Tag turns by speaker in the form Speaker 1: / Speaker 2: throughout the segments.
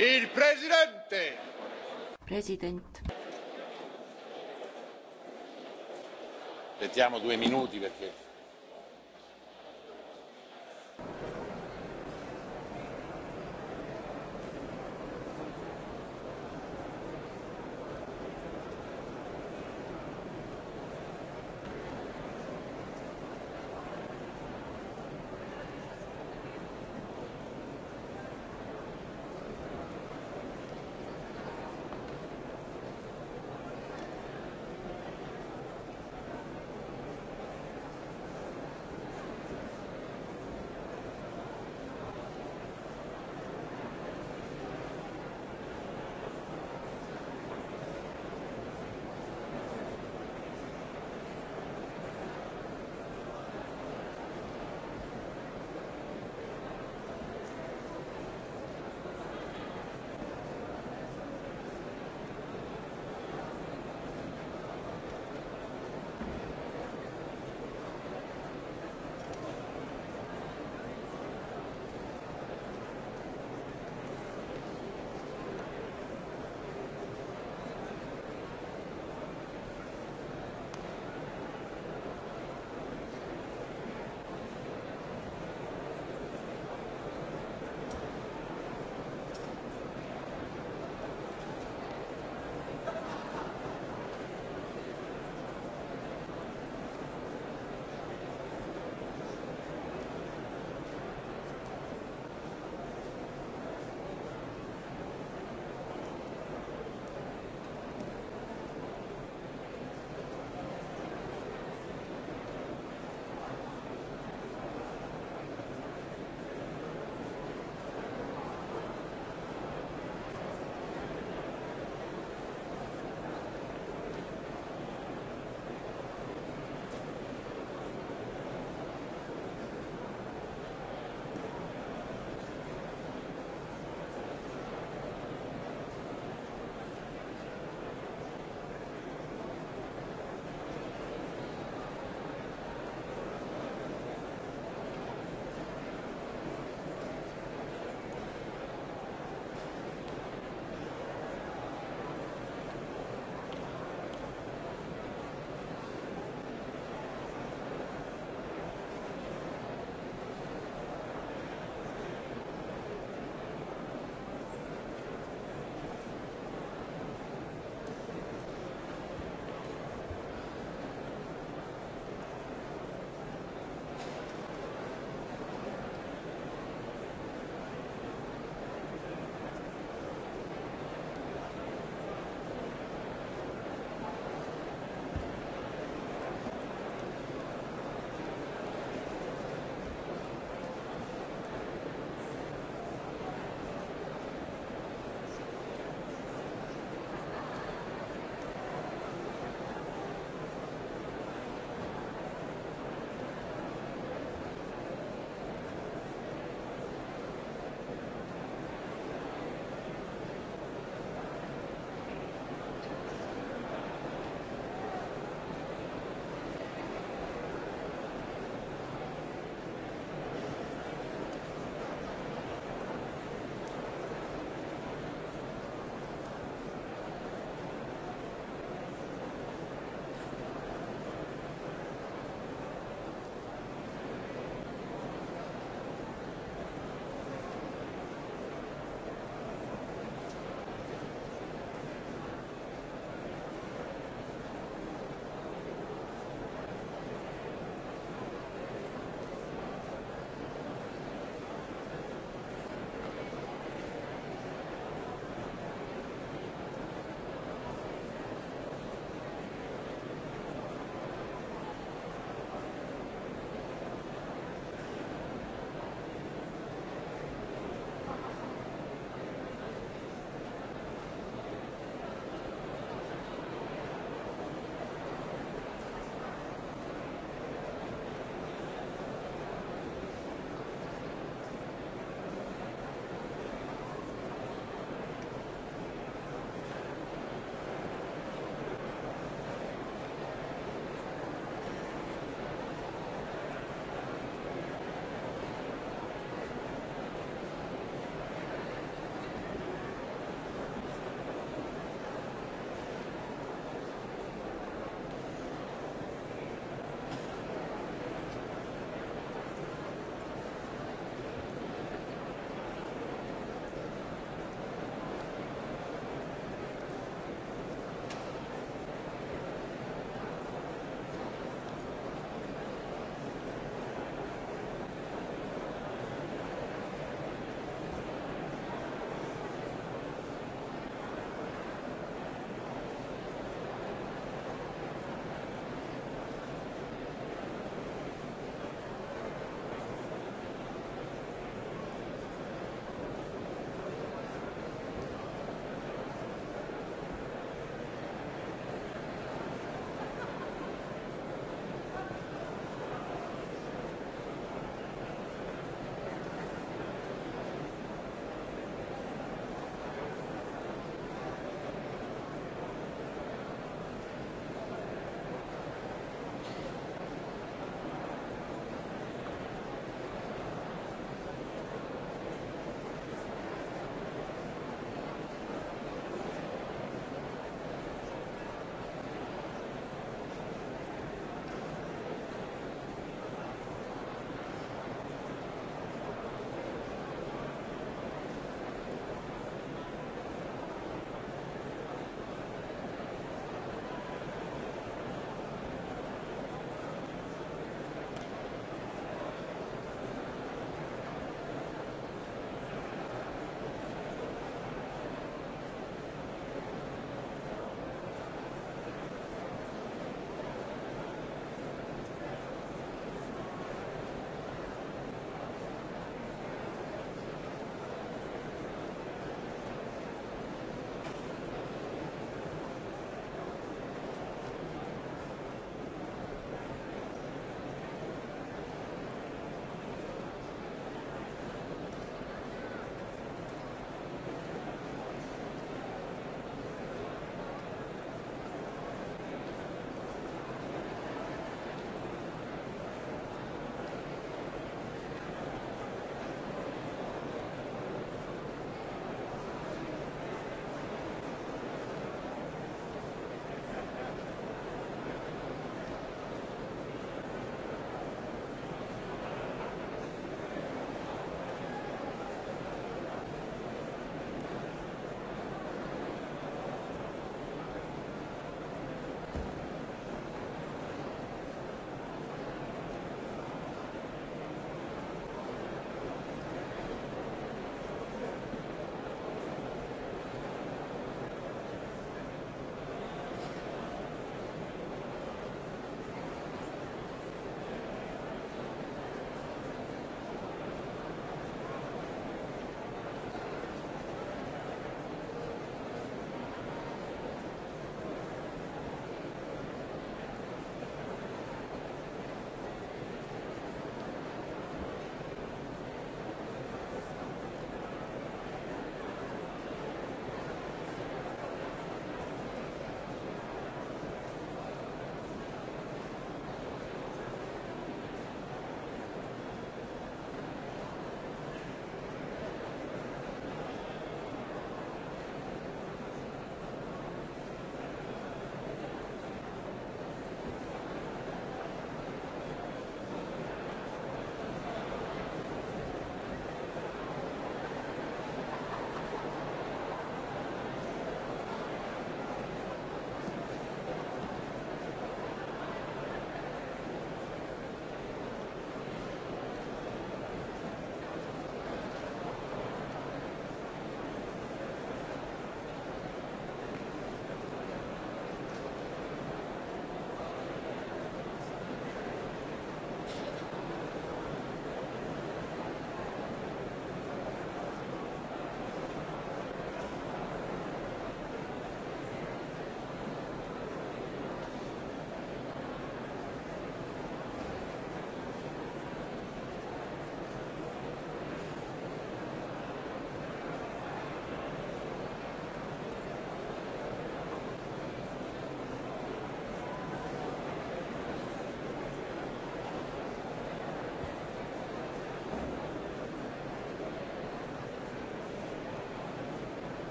Speaker 1: Il presidente. President. Aspettiamo due minuti perché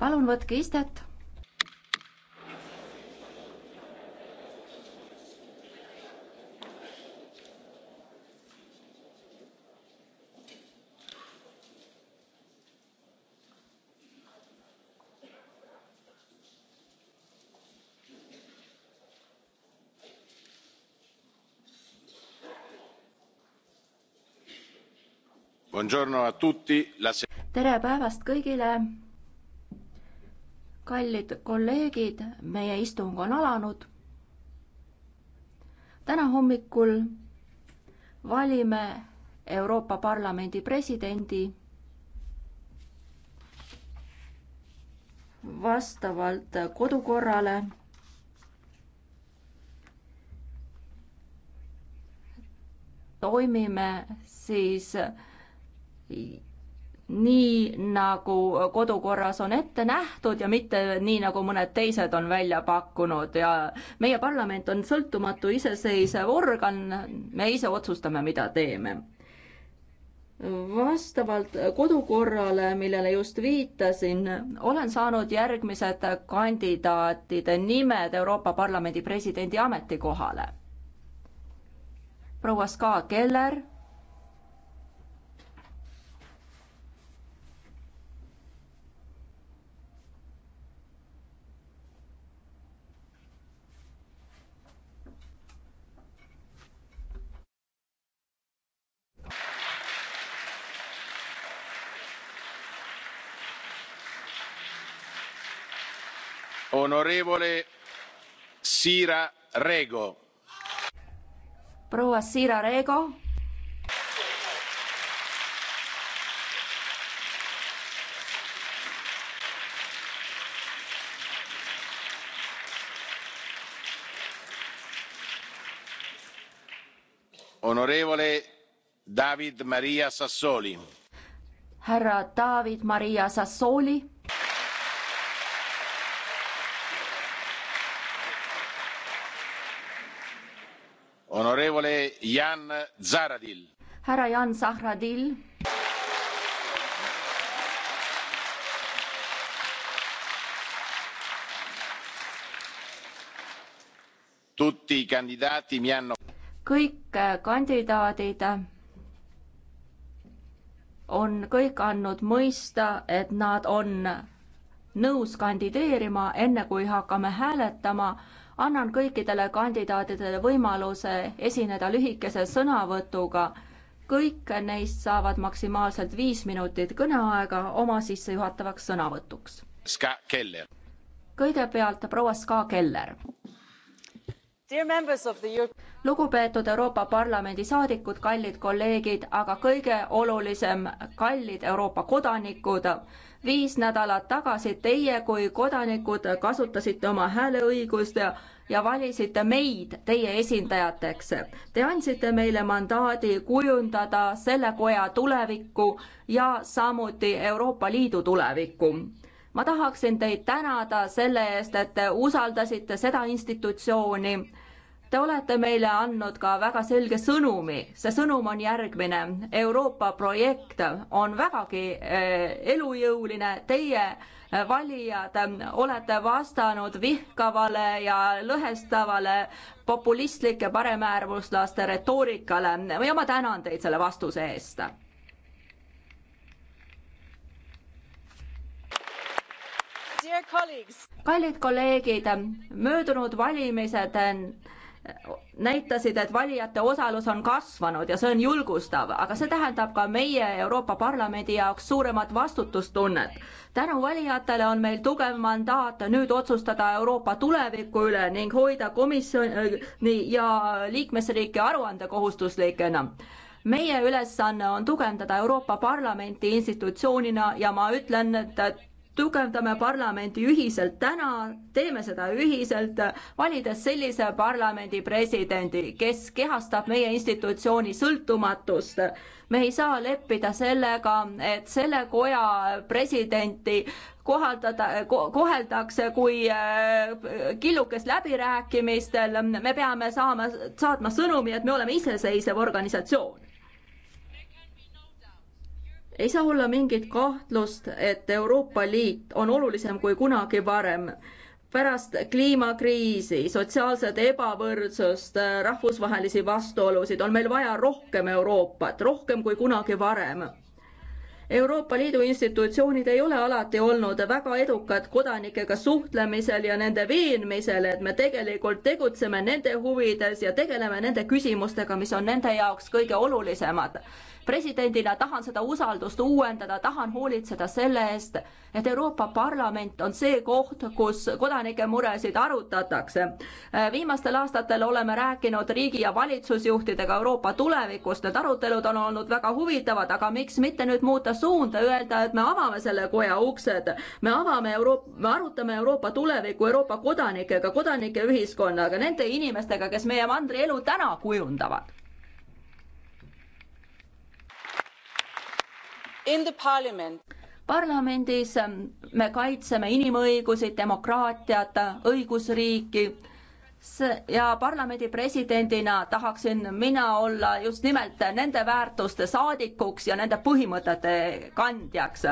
Speaker 2: palun võtke istet.
Speaker 1: buongiorno a tutti la seduta è ripresa
Speaker 2: tere päevast kõigile! kallid kolleegid, meie istung on alanud. täna hommikul valime Euroopa Parlamendi presidendi vastavalt kodukorrale toimime siis nii, nagu kodukorras on ette nähtud ja mitte nii, nagu mõned teised on välja pakkunud ja meie parlament on sõltumatu iseseisev organ, me ise otsustame, mida teeme. vastavalt kodukorrale, millele just viitasin, olen saanud järgmised kandidaatide nimed Euroopa Parlamendi presidendi ametikohale. proua Ska Keller
Speaker 1: onorevole Siira Rego.
Speaker 2: proua Siira Rego.
Speaker 1: onorevole David Maria Sassoli.
Speaker 2: härra David Maria Sassoli
Speaker 1: onorevole Jan Zahradil.
Speaker 2: härra Jan Zahradil.
Speaker 1: tutti i candidati mi hanno.
Speaker 2: kõik eh, kandidaadid on kõik andnud mõista, et nad on nõus kandideerima, enne kui hakkame hääletama annan kõikidele kandidaatidele võimaluse esineda lühikese sõnavõtuga. kõik neist saavad maksimaalselt viis minutit kõneaega oma sissejuhatavaks sõnavõtuks. kõigepealt proua Ska Keller lugupeetud Euroopa Parlamendi saadikud, kallid kolleegid, aga kõige olulisem, kallid Euroopa kodanikud, viis nädalat tagasi teie kui kodanikud kasutasite oma hääleõigust ja ja valisite meid teie esindajateks. Te andsite meile mandaadi kujundada selle koja tulevikku ja samuti Euroopa Liidu tulevikku. ma tahaksin teid tänada selle eest, et te usaldasite seda institutsiooni Te olete meile andnud ka väga selge sõnumi, see sõnum on järgmine. Euroopa projekt on vägagi eh, elujõuline, teie eh, valijad olete vastanud vihkavale ja lõhestavale populistlike paremäärmuslaste retoorikale ja ma tänan teid selle vastuse eest kallid kolleegid, möödunud valimised eh, näitasid, et valijate osalus on kasvanud ja see on julgustav, aga see tähendab ka meie Euroopa Parlamendi jaoks suuremat vastutustunnet. tänu valijatele on meil tugev mandaat nüüd otsustada Euroopa tuleviku üle ning hoida komisjoni ja liikmesriike aruandekohustuslikena meie ülesanne on tugevdada Euroopa Parlamenti institutsioonina ja ma ütlen, et tugevdame parlamenti ühiselt täna, teeme seda ühiselt, valides sellise parlamendi presidendi, kes kehastab meie institutsiooni sõltumatust. me ei saa leppida sellega, et selle koja presidenti kohaldada ko,, koheldakse kui äh, killukest läbirääkimistel, me peame saama, saatma sõnumi, et me oleme iseseisev organisatsioon ei saa olla mingit kahtlust, et Euroopa Liit on olulisem kui kunagi varem. pärast kliimakriisi, sotsiaalset ebavõrdsust, rahvusvahelisi vastuolusid on meil vaja rohkem Euroopat, rohkem kui kunagi varem. Euroopa Liidu institutsioonid ei ole alati olnud väga edukad kodanikega suhtlemisel ja nende veenmisel, et me tegelikult tegutseme nende huvides ja tegeleme nende küsimustega, mis on nende jaoks kõige olulisemad presidendina tahan seda usaldust uuendada, tahan hoolitseda selle eest, et Euroopa Parlament on see koht, kus kodanike muresid arutatakse. Äh, viimastel aastatel oleme rääkinud riigi ja valitsusjuhtidega Euroopa tulevikust, need arutelud on olnud väga huvitavad, aga miks mitte nüüd muuta suunda, öelda, et me avame selle koja uksed, me avame Euroopa, me arutame Euroopa tulevikku Euroopa kodanikega, kodanike ühiskonnaga, nende inimestega, kes meie mandrielu täna kujundavad parlamendis ähm, me kaitseme inimõigusi, demokraatiat, õigusriiki ja parlamendi presidendina tahaksin mina olla just nimelt nende väärtuste saadikuks ja nende põhimõtete kandjaks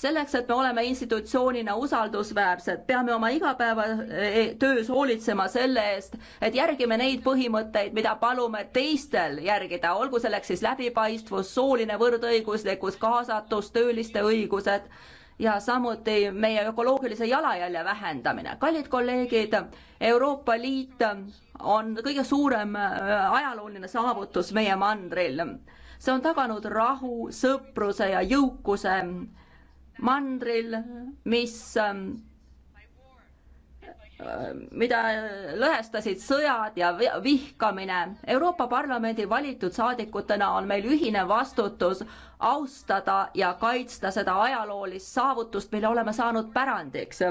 Speaker 2: selleks, et me oleme institutsioonina usaldusväärsed, peame oma igapäevatöös eh, hoolitsema selle eest, et järgime neid põhimõtteid, mida palume teistel järgida, olgu selleks siis läbipaistvus, sooline võrdõiguslikkus, kaasatus, tööliste õigused ja samuti meie ökoloogilise jalajälje vähendamine. kallid kolleegid, Euroopa Liit on kõige suurem eh, ajalooline saavutus meie mandril. see on taganud rahu, sõpruse ja jõukuse mandril, mis, ähm, äh, mida lõhestasid sõjad ja vihkamine. Euroopa Parlamendi valitud saadikutena on meil ühine vastutus austada ja kaitsta seda ajaloolist saavutust, mille oleme saanud pärandiks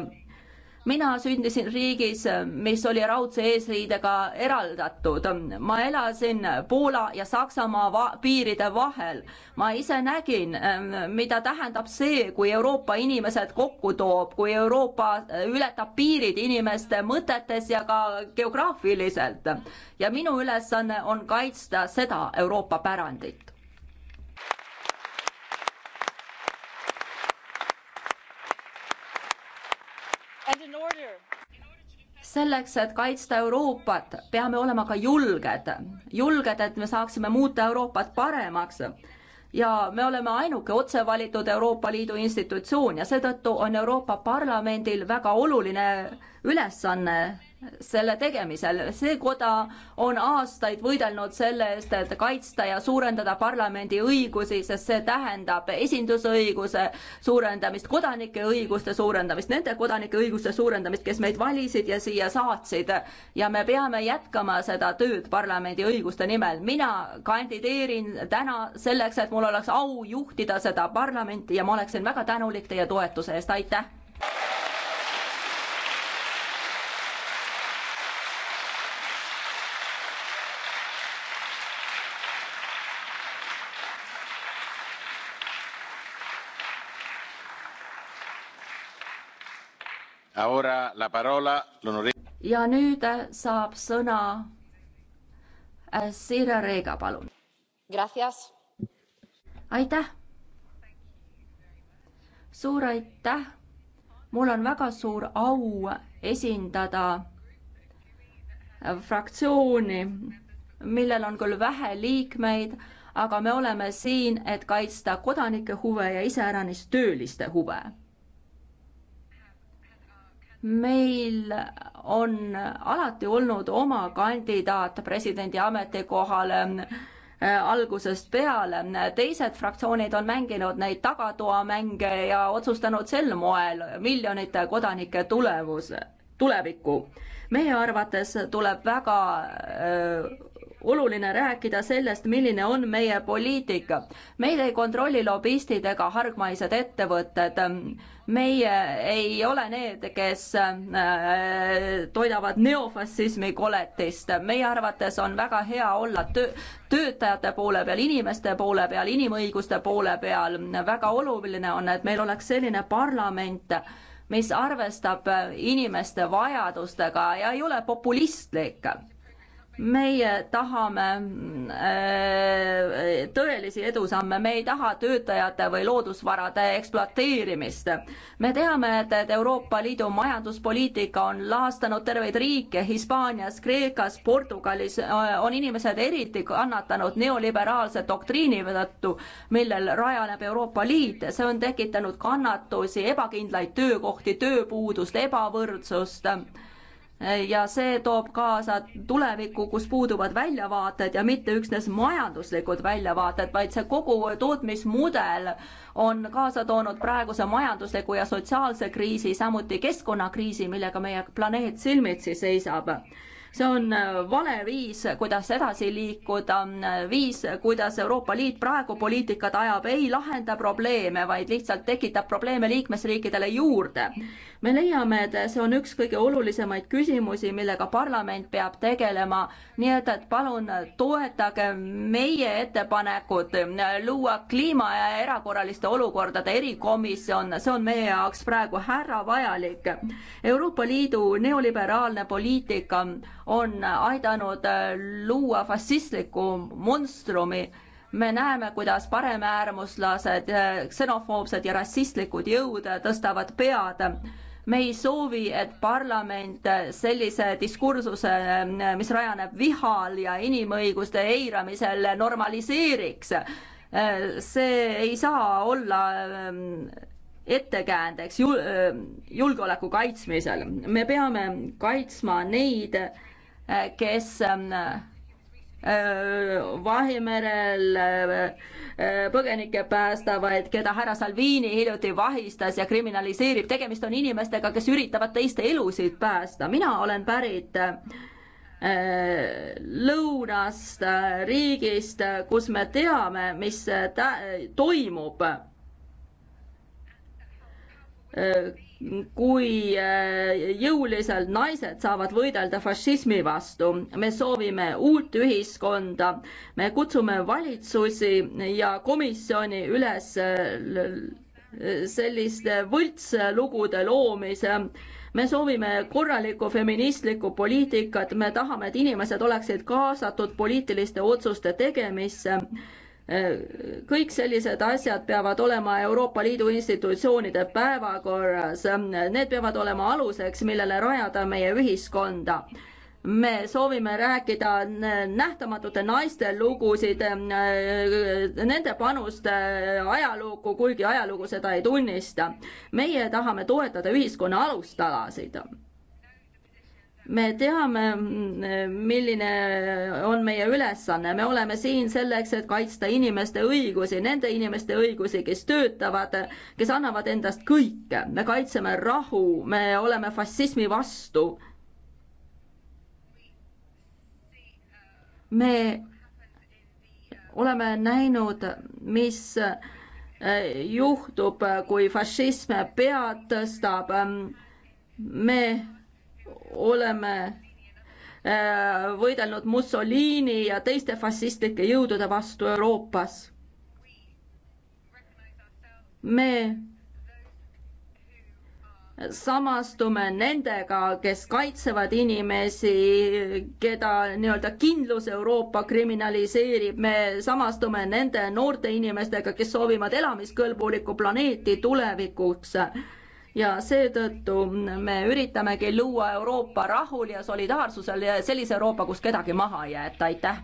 Speaker 2: mina sündisin riigis, mis oli raudse eesriidega eraldatud. ma elasin Poola ja Saksamaa va piiride vahel. ma ise nägin, ähm, mida tähendab see, kui Euroopa inimesed kokku toob, kui Euroopa äh, ületab piirid inimeste mõtetes ja ka geograafiliselt. ja minu ülesanne on kaitsta seda Euroopa pärandit. selleks, et kaitsta Euroopat, peame olema ka julged, julged, et me saaksime muuta Euroopat paremaks. ja me oleme ainuke otse valitud Euroopa Liidu institutsioon ja seetõttu on Euroopa Parlamendil väga oluline ülesanne selle tegemisel. see koda on aastaid võidelnud selle eest, et kaitsta ja suurendada parlamendi õigusi, sest see tähendab esindusõiguse suurendamist, kodanike õiguste suurendamist, nende kodanike õiguste suurendamist, kes meid valisid ja siia saatsid. ja me peame jätkama seda tööd parlamendi õiguste nimel. mina kandideerin täna selleks, et mul oleks au juhtida seda parlamenti ja ma oleksin väga tänulik teie toetuse eest, aitäh! ja nüüd äh, saab sõna äh, Sirje Reega, palun. aitäh. suur aitäh. mul on väga suur au esindada äh, fraktsiooni, millel on küll vähe liikmeid, aga me oleme siin, et kaitsta kodanike huve ja iseäranis tööliste huve meil on alati olnud oma kandidaat presidendi ametikohale äh, algusest peale. teised fraktsioonid on mänginud neid tagatoamänge ja otsustanud sel moel miljonite kodanike tulevuse, tulevikku. meie arvates tuleb väga öö, äh, oluline rääkida sellest, milline on meie poliitika. meid ei kontrolli lobistid ega hargmaised ettevõtted. meie ei ole need, kes äh, toidavad neofašismi koletist. meie arvates on väga hea olla töö, töötajate poole peal, inimeste poole peal, inimõiguste poole peal. väga oluline on, et meil oleks selline parlament, mis arvestab inimeste vajadustega ja ei ole populistlik meie tahame äh, tõelisi edusamme, me ei taha töötajate või loodusvarade ekspluateerimist. me teame, et, et Euroopa Liidu majanduspoliitika on laastanud terveid riike, Hispaanias, Kreekas, Portugalis äh, on inimesed eriti kannatanud neoliberaalse doktriini tõttu, millel rajaneb Euroopa Liit, see on tekitanud kannatusi, ebakindlaid töökohti, tööpuudust, ebavõrdsust ja see toob kaasa tuleviku, kus puuduvad väljavaated ja mitte üksnes majanduslikud väljavaated, vaid see kogu tootmismudel on kaasa toonud praeguse majandusliku ja sotsiaalse kriisi, samuti keskkonnakriisi, millega meie planeet silmitsi seisab see on äh, vale viis, kuidas edasi liikuda, viis, kuidas Euroopa Liit praegu poliitikat ajab, ei lahenda probleeme, vaid lihtsalt tekitab probleeme liikmesriikidele juurde me leiame, et see on üks kõige olulisemaid küsimusi, millega parlament peab tegelema, nii et, et palun toetage meie ettepanekut luua kliima ja erakorraliste olukordade erikomisjon, see on meie jaoks praegu hädavajalik. Euroopa Liidu neoliberaalne poliitika on aidanud luua fašistlikku monstrumi me näeme, kuidas paremäärmuslased, ksenofoobsed ja rassistlikud jõud tõstavad pead me ei soovi, et parlament sellise diskursuse, mis rajaneb vihal ja inimõiguste eiramisel, normaliseeriks. see ei saa olla ähm, ettekäändeks ähm, julgeoleku kaitsmisel. me peame kaitsma neid, äh, kes ähm, Äh, Vahemerel äh, äh, põgenikke päästavaid, keda härra Salvini hiljuti vahistas ja kriminaliseerib. tegemist on inimestega, kes üritavad teiste elusid päästa. mina olen pärit lõunast riigist, kus me teame, mis toimub kui äh, jõuliselt naised saavad võidelda fašismi vastu. me soovime uut ühiskonda, me kutsume valitsusi ja komisjoni üles äh, selliste võltslugude loomise. me soovime korralikku feministlikku poliitikat, me tahame, et inimesed oleksid kaasatud poliitiliste otsuste tegemisse kõik sellised asjad peavad olema Euroopa Liidu institutsioonide päevakorras, need peavad olema aluseks, millele rajada meie ühiskonda me soovime rääkida nähtamatute naiste lugusid, nende panust ajalukku, kuigi ajalugu seda ei tunnista. meie tahame toetada ühiskonna alustalasid me teame, milline on meie ülesanne, me oleme siin selleks, et kaitsta inimeste õigusi, nende inimeste õigusi, kes töötavad, kes annavad endast kõike, me kaitseme rahu, me oleme fašismi vastu. me oleme näinud, mis äh, juhtub, kui fašism pead tõstab. me oleme äh, võidelnud Mussolini ja teiste fašistlike jõudude vastu Euroopas. me samastume nendega, kes kaitsevad inimesi, keda nii-öelda kindlus Euroopa kriminaliseerib, me samastume nende noorte inimestega, kes soovivad elamiskõlbulikku planeeti tulevikuks ja seetõttu me üritamegi luua Euroopa rahul ja solidaarsusel ja sellise Euroopa, kus kedagi maha ei jäeta, aitäh.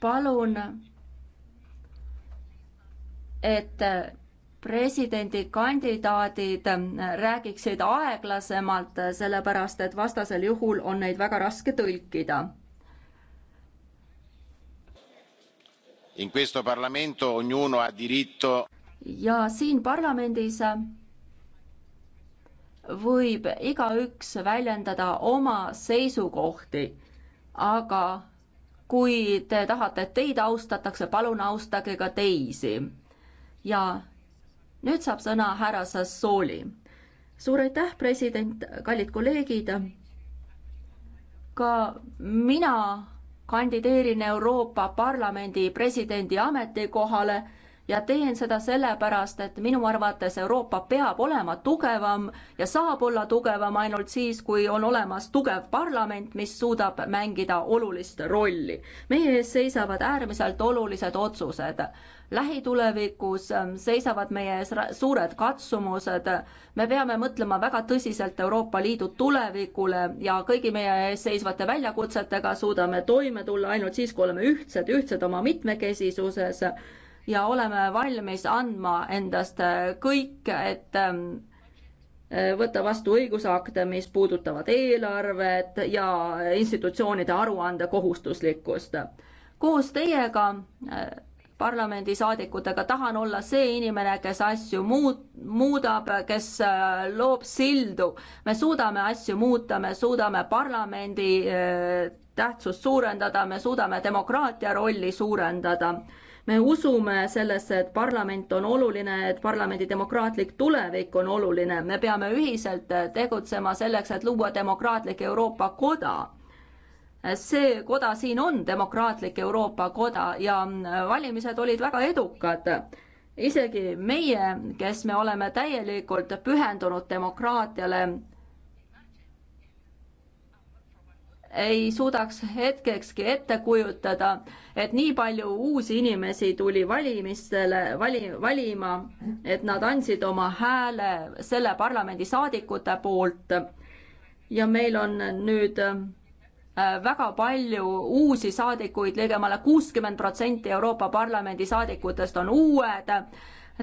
Speaker 2: palun, et presidendikandidaadid ähm, räägiksid aeglasemalt, äh, sellepärast et vastasel juhul on neid väga raske tõlkida.
Speaker 1: In questo parlamento ognuno ha diritto
Speaker 2: ja siin parlamendis äh, võib igaüks väljendada oma seisukohti, aga kui te tahate, et teid austatakse, palun austage ka teisi. ja nüüd saab sõna härra Sassooli. suur aitäh, president, kallid kolleegid. ka mina kandideerin Euroopa Parlamendi presidendi ametikohale ja teen seda sellepärast, et minu arvates Euroopa peab olema tugevam ja saab olla tugevam ainult siis, kui on olemas tugev parlament, mis suudab mängida olulist rolli. meie ees seisavad äärmiselt olulised otsused. lähitulevikus ähm, seisavad meie ees suured katsumused. me peame mõtlema väga tõsiselt Euroopa Liidu tulevikule ja kõigi meie ees seisvate väljakutsetega suudame toime tulla ainult siis, kui oleme ühtsed, ühtsed oma mitmekesisuses ja oleme valmis andma endast kõik, et ähm, äh, võtta vastu õigusakte, mis puudutavad eelarvet ja institutsioonide aruande kohustuslikkust. koos teiega äh, parlamendisaadikutega tahan olla see inimene, kes asju muut-, muudab, kes äh, loob sildu. me suudame asju muuta, me suudame parlamendi tähtsust suurendada, me suudame demokraatia rolli suurendada me usume sellesse, et parlament on oluline, et parlamendi demokraatlik tulevik on oluline, me peame ühiselt tegutsema selleks, et luua demokraatlik Euroopa koda see koda siin on demokraatlik Euroopa koda ja valimised olid väga edukad. isegi meie, kes me oleme täielikult pühendunud demokraatiale, ei suudaks hetkekski ette kujutada, et nii palju uusi inimesi tuli valimistele, vali, valima, et nad andsid oma hääle selle parlamendi saadikute poolt. ja meil on nüüd äh, väga palju uusi saadikuid ligemale, ligemale kuuskümmend protsenti Euroopa Parlamendi saadikutest on uued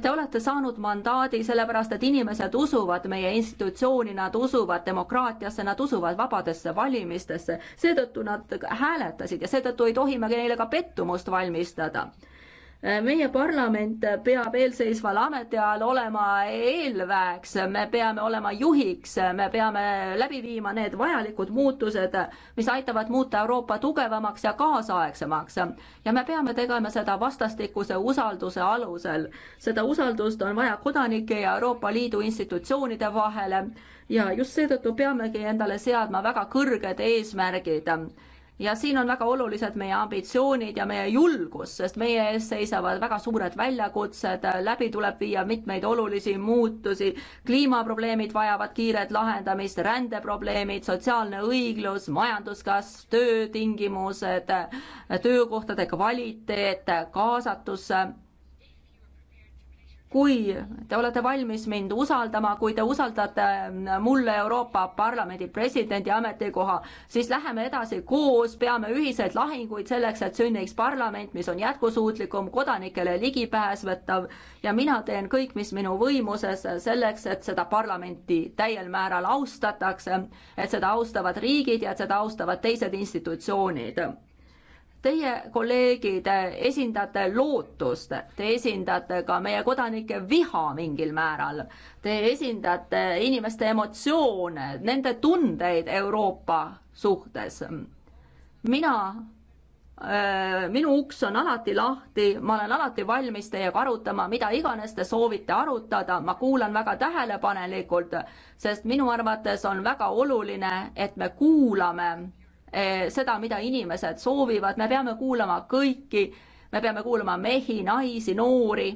Speaker 2: Te olete saanud mandaadi sellepärast, et inimesed usuvad meie institutsiooni, nad usuvad demokraatiasse, nad usuvad vabadesse valimistesse, seetõttu nad hääletasid ja seetõttu ei tohi me neile ka pettumust valmistada Äh, meie parlament peab eelseisval ametiajal olema eelväeks, me peame olema juhiks, me peame läbi viima need vajalikud muutused, mis aitavad muuta Euroopa tugevamaks ja kaasaegsemaks. ja me peame tegema seda vastastikuse usalduse alusel. seda usaldust on vaja kodanike ja Euroopa Liidu institutsioonide vahele ja just seetõttu peamegi endale seadma väga kõrged eesmärgid ja siin on väga olulised meie ambitsioonid ja meie julgus, sest meie ees seisavad väga suured väljakutsed, läbi tuleb viia mitmeid olulisi muutusi, kliimaprobleemid vajavad kiiret lahendamist, rändeprobleemid, sotsiaalne õiglus, majanduskasv, töötingimused, töökohtade kvaliteet, kaasatus kui te olete valmis mind usaldama, kui te usaldate ähm, mulle Euroopa Parlamendi presidendi ametikoha, siis läheme edasi koos, peame ühiseid lahinguid selleks, et sünniks parlament, mis on jätkusuutlikum, kodanikele ligipääsvõtav ja mina teen kõik, mis minu võimuses selleks, et seda parlamenti täiel määral austatakse, et seda austavad riigid ja et seda austavad teised institutsioonid Teie, kolleegid, esindate lootust, te esindate ka meie kodanike viha mingil määral. Te esindate inimeste emotsioone, nende tundeid Euroopa suhtes. mina, äh, minu uks on alati lahti, ma olen alati valmis teiega arutama, mida iganes te soovite arutada, ma kuulan väga tähelepanelikult, sest minu arvates on väga oluline, et me kuulame Eh, seda, mida inimesed soovivad, me peame kuulama kõiki, me peame kuulama mehi, naisi, noori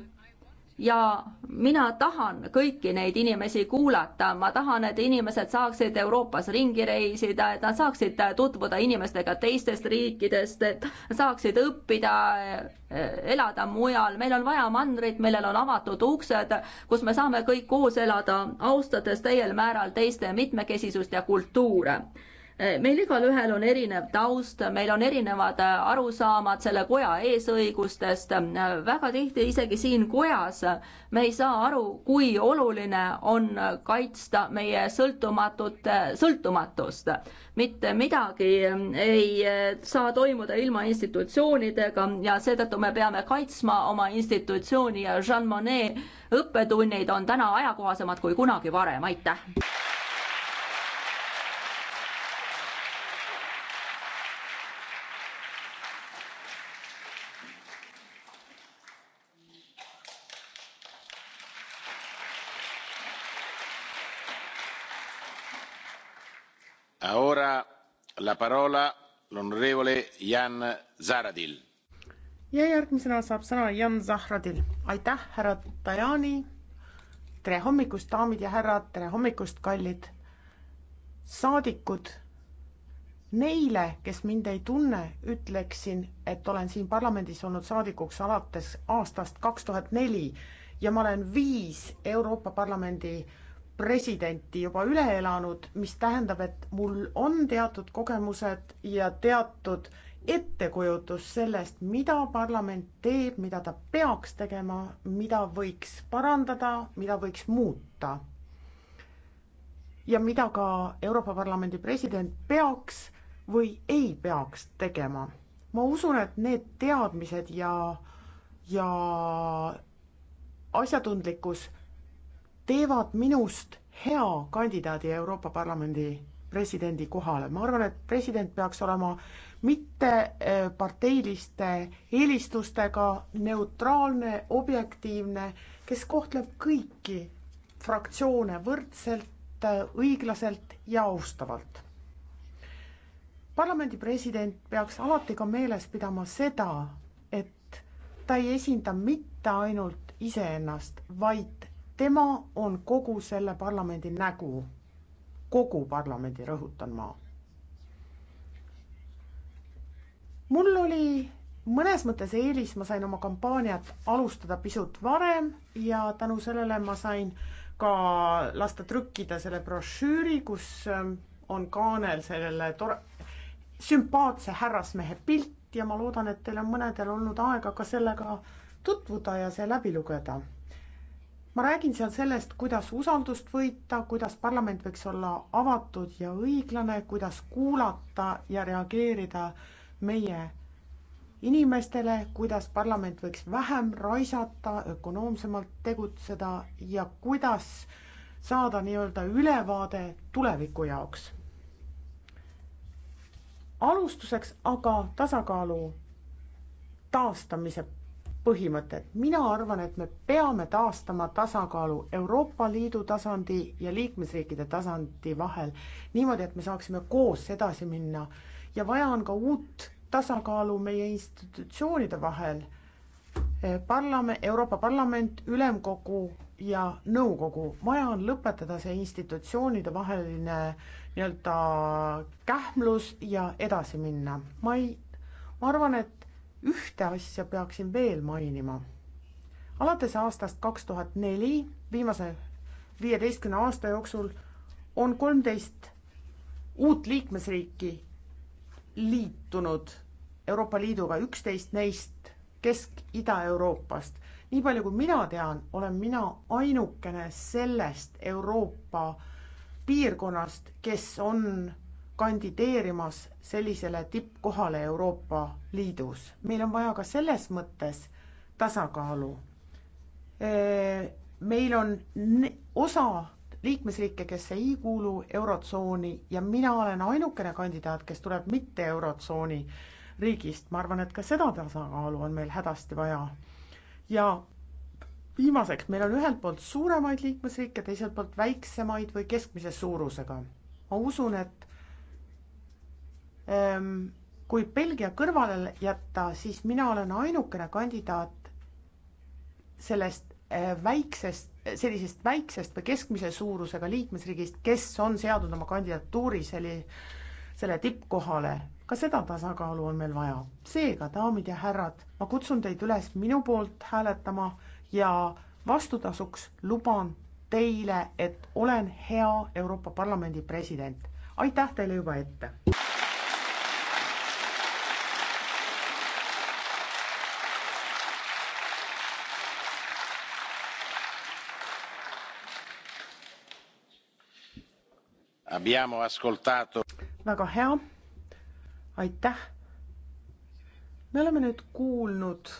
Speaker 2: ja mina tahan kõiki neid inimesi kuulata, ma tahan, et inimesed saaksid Euroopas ringi reisida, et nad saaksid tutvuda inimestega teistest riikidest, et saaksid õppida, eh, elada mujal, meil on vaja mandrit, millel on avatud uksed, kus me saame kõik koos elada, austades täiel määral teiste mitmekesisust ja kultuure Eh, meil igalühel on erinev taust, meil on erinevad eh, arusaamad selle koja eesõigustest, eh, väga tihti isegi siin kojas me ei saa aru, kui oluline on kaitsta meie sõltumatut, sõltumatust. mitte midagi ei saa toimuda ilma institutsioonidega ja seetõttu me peame kaitsma oma institutsiooni ja Jean Monnet õppetunnid on täna ajakohasemad kui kunagi varem, aitäh!
Speaker 1: la parola l'onorevole Jan Zahradil.
Speaker 3: ja järgmisena saab sõna Jan Zahradil. aitäh, härra Tajani. tere hommikust, daamid ja härrad, tere hommikust, kallid saadikud. Neile, kes mind ei tunne, ütleksin, et olen siin parlamendis olnud saadikuks alates aastast kaks tuhat neli ja ma olen viis Euroopa Parlamendi presidenti juba üle elanud, mis tähendab, et mul on teatud kogemused ja teatud ettekujutus sellest, mida parlament teeb, mida ta peaks tegema, mida võiks parandada, mida võiks muuta. ja mida ka Euroopa Parlamendi president peaks või ei peaks tegema. ma usun, et need teadmised ja, ja asjatundlikkus teevad minust hea kandidaadi Euroopa Parlamendi presidendi kohale. ma arvan, et president peaks olema mitte äh, parteiliste eelistustega neutraalne, objektiivne, kes kohtleb kõiki fraktsioone võrdselt, äh, õiglaselt ja austavalt. parlamendi president peaks alati ka meeles pidama seda, et ta ei esinda mitte ainult iseennast, vaid tema on kogu selle parlamendi nägu, kogu parlamendi, rõhutan ma. mul oli mõnes mõttes eelis, ma sain oma kampaaniat alustada pisut varem ja tänu sellele ma sain ka lasta trükkida selle brošüüri, kus ähm, on kaanel sellele tore, sümpaatse härrasmehe pilt ja ma loodan, et teil on mõnedel olnud aega ka sellega tutvuda ja see läbi lugeda ma räägin seal sellest, kuidas usaldust võita, kuidas parlament võiks olla avatud ja õiglane, kuidas kuulata ja reageerida meie inimestele, kuidas parlament võiks vähem raisata, ökonoomsemalt tegutseda ja kuidas saada nii-öelda ülevaade tuleviku jaoks. alustuseks aga tasakaalu taastamise põhimõtet. mina arvan, et me peame taastama tasakaalu Euroopa Liidu tasandi ja liikmesriikide tasandi vahel niimoodi, et me saaksime koos edasi minna ja vaja on ka uut tasakaalu meie institutsioonide vahel. Eh, Parlament, Euroopa Parlament, Ülemkogu ja nõukogu, vaja on lõpetada see institutsioonide vaheline nii-öelda kähmlus ja edasi minna. ma ei, ma arvan, et ühte asja peaksin veel mainima. alates aastast kaks tuhat neli, viimase viieteistkümne aasta jooksul on kolmteist uut liikmesriiki liitunud Euroopa Liiduga, üksteist neist Kesk-Ida-Euroopast. nii palju, kui mina tean, olen mina ainukene sellest Euroopa piirkonnast, kes on kandideerimas sellisele tippkohale Euroopa Liidus. meil on vaja ka selles mõttes tasakaalu. meil on osa liikmesriike, kes ei kuulu Eurotsooni ja mina olen ainukene kandidaat, kes tuleb mitte Eurotsooni riigist, ma arvan, et ka seda tasakaalu on meil hädasti vaja. ja viimaseks, meil on ühelt poolt suuremaid liikmesriike, teiselt poolt väiksemaid või keskmise suurusega. ma usun, et Ehm, kui Belgia kõrvale jätta, siis mina olen ainukene kandidaat sellest eh, väiksest, sellisest väiksest või keskmise suurusega liikmesriigist, kes on seadnud oma kandidatuuri selli, selle tippkohale. ka seda tasakaalu on meil vaja. seega, daamid ja härrad, ma kutsun teid üles minu poolt hääletama ja vastutasuks luban teile, et olen hea Euroopa Parlamendi president. aitäh teile juba ette! väga hea, aitäh. me oleme nüüd kuulnud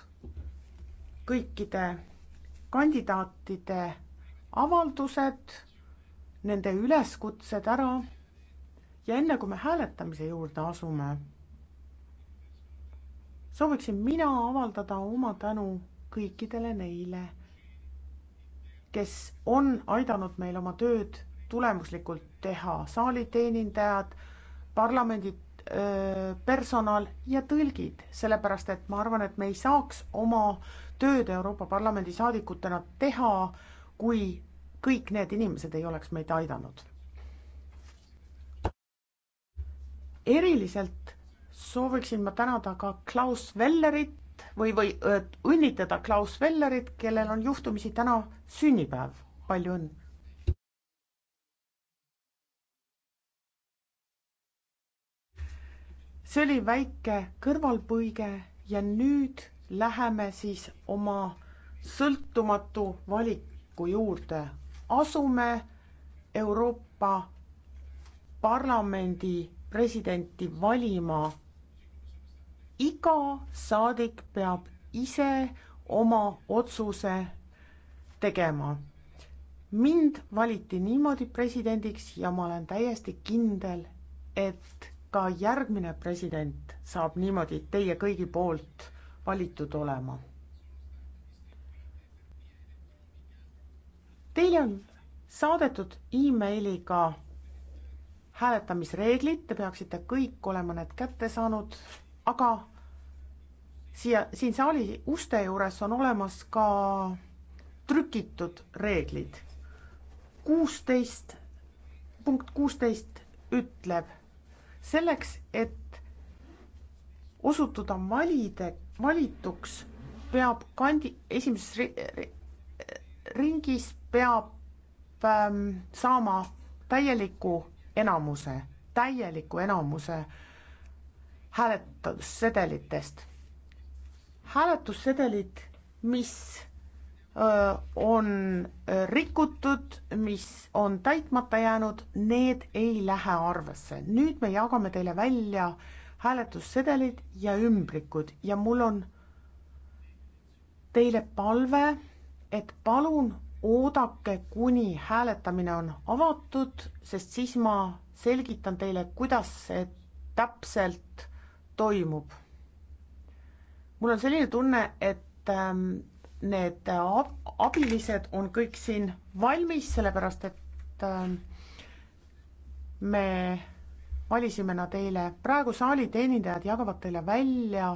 Speaker 3: kõikide kandidaatide avaldused, nende üleskutsed ära ja enne kui me hääletamise juurde asume, sooviksin mina avaldada oma tänu kõikidele neile, kes on aidanud meil oma tööd tulemuslikult teha, saaliteenindajad, parlamendid, personal ja tõlgid, sellepärast et ma arvan, et me ei saaks oma tööd Euroopa Parlamendi saadikutena teha, kui kõik need inimesed ei oleks meid aidanud. eriliselt sooviksin ma tänada ka Klaus Vellerit või, või õnnitleda Klaus Vellerit, kellel on juhtumisi täna sünnipäev. palju õnne! see oli väike kõrvalpõige ja nüüd läheme siis oma sõltumatu valiku juurde. asume Euroopa Parlamendi presidenti valima. iga saadik peab ise oma otsuse tegema. mind valiti niimoodi presidendiks ja ma olen täiesti kindel, et ka järgmine president saab niimoodi teie kõigi poolt valitud olema. Teile on saadetud emailiga hääletamisreeglid, te peaksite kõik olema need kätte saanud, aga siia, siin saali uste juures on olemas ka trükitud reeglid. kuusteist, punkt kuusteist ütleb, selleks, et osutuda valide, valituks, peab kandi-, esimeses ri, ri, ringis peab ähm, saama täieliku enamuse, täieliku enamuse hääletussedelitest. hääletussedelid, mis on rikutud, mis on täitmata jäänud, need ei lähe arvesse. nüüd me jagame teile välja hääletussedelid ja ümbrikud ja mul on teile palve, et palun oodake, kuni hääletamine on avatud, sest siis ma selgitan teile, kuidas see täpselt toimub. mul on selline tunne, et ähm, need abilised on kõik siin valmis, sellepärast et ähm, me valisime nad eile. praegu saali teenindajad jagavad teile välja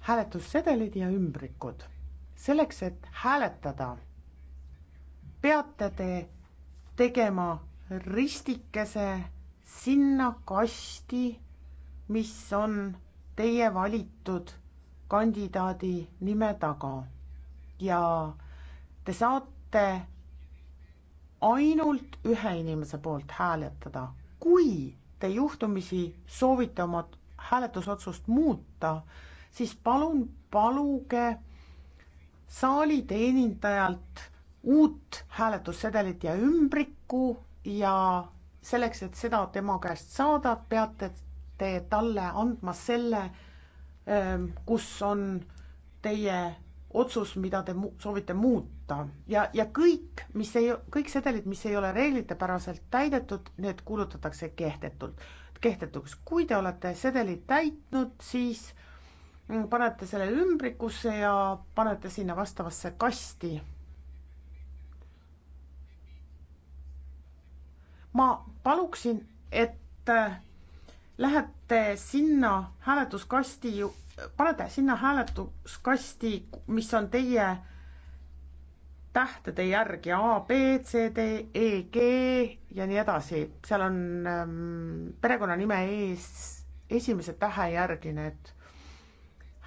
Speaker 3: hääletussedelid ja ümbrikud. selleks, et hääletada, peate te tegema ristikese sinna kasti, mis on teie valitud kandidaadi nime taga ja te saate ainult ühe inimese poolt hääletada. kui te juhtumisi soovite oma hääletusotsust muuta, siis palun paluge saali teenindajalt uut hääletussedelit ja ümbriku ja selleks, et seda tema käest saada, peate te talle andma selle, ehm, kus on teie otsus, mida te mu soovite muuta ja, ja kõik, mis ei, kõik sedelid, mis ei ole reeglitepäraselt täidetud, need kuulutatakse kehtetult, kehtetuks. kui te olete sedelid täitnud, siis mm, panete selle ümbrikusse ja panete sinna vastavasse kasti. ma paluksin, et lähete sinna hääletuskasti, panete sinna hääletuskasti, mis on teie tähtede järgi A, B, C, D, E, G ja nii edasi, seal on ähm, perekonnanime ees esimese tähe järgi need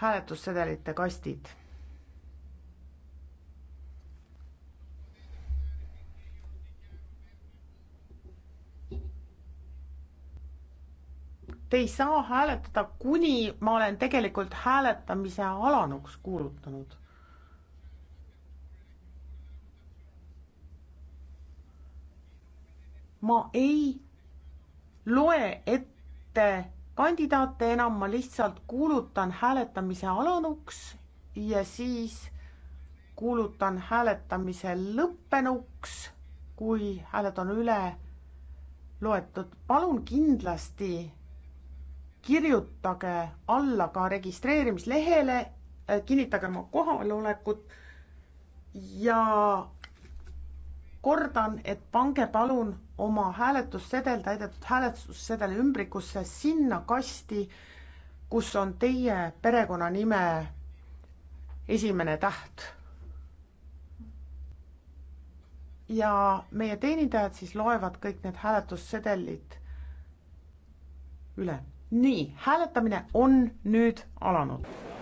Speaker 3: hääletussedelite kastid Te ei saa hääletada, kuni ma olen tegelikult hääletamise alanuks kuulutanud. ma ei loe ette kandidaate enam, ma lihtsalt kuulutan hääletamise alanuks ja siis kuulutan hääletamise lõppenuks, kui hääled on üle loetud. palun kindlasti kirjutage alla ka registreerimislehele, äh, kinnitage oma kohalolekut ja kordan, et pange palun oma hääletussedel, täidetud hääletussedeli ümbrikusse sinna kasti, kus on teie perekonnanime esimene täht. ja meie teenindajad siis loevad kõik need hääletussedelid üle nii, hääletamine on nüüd alanud.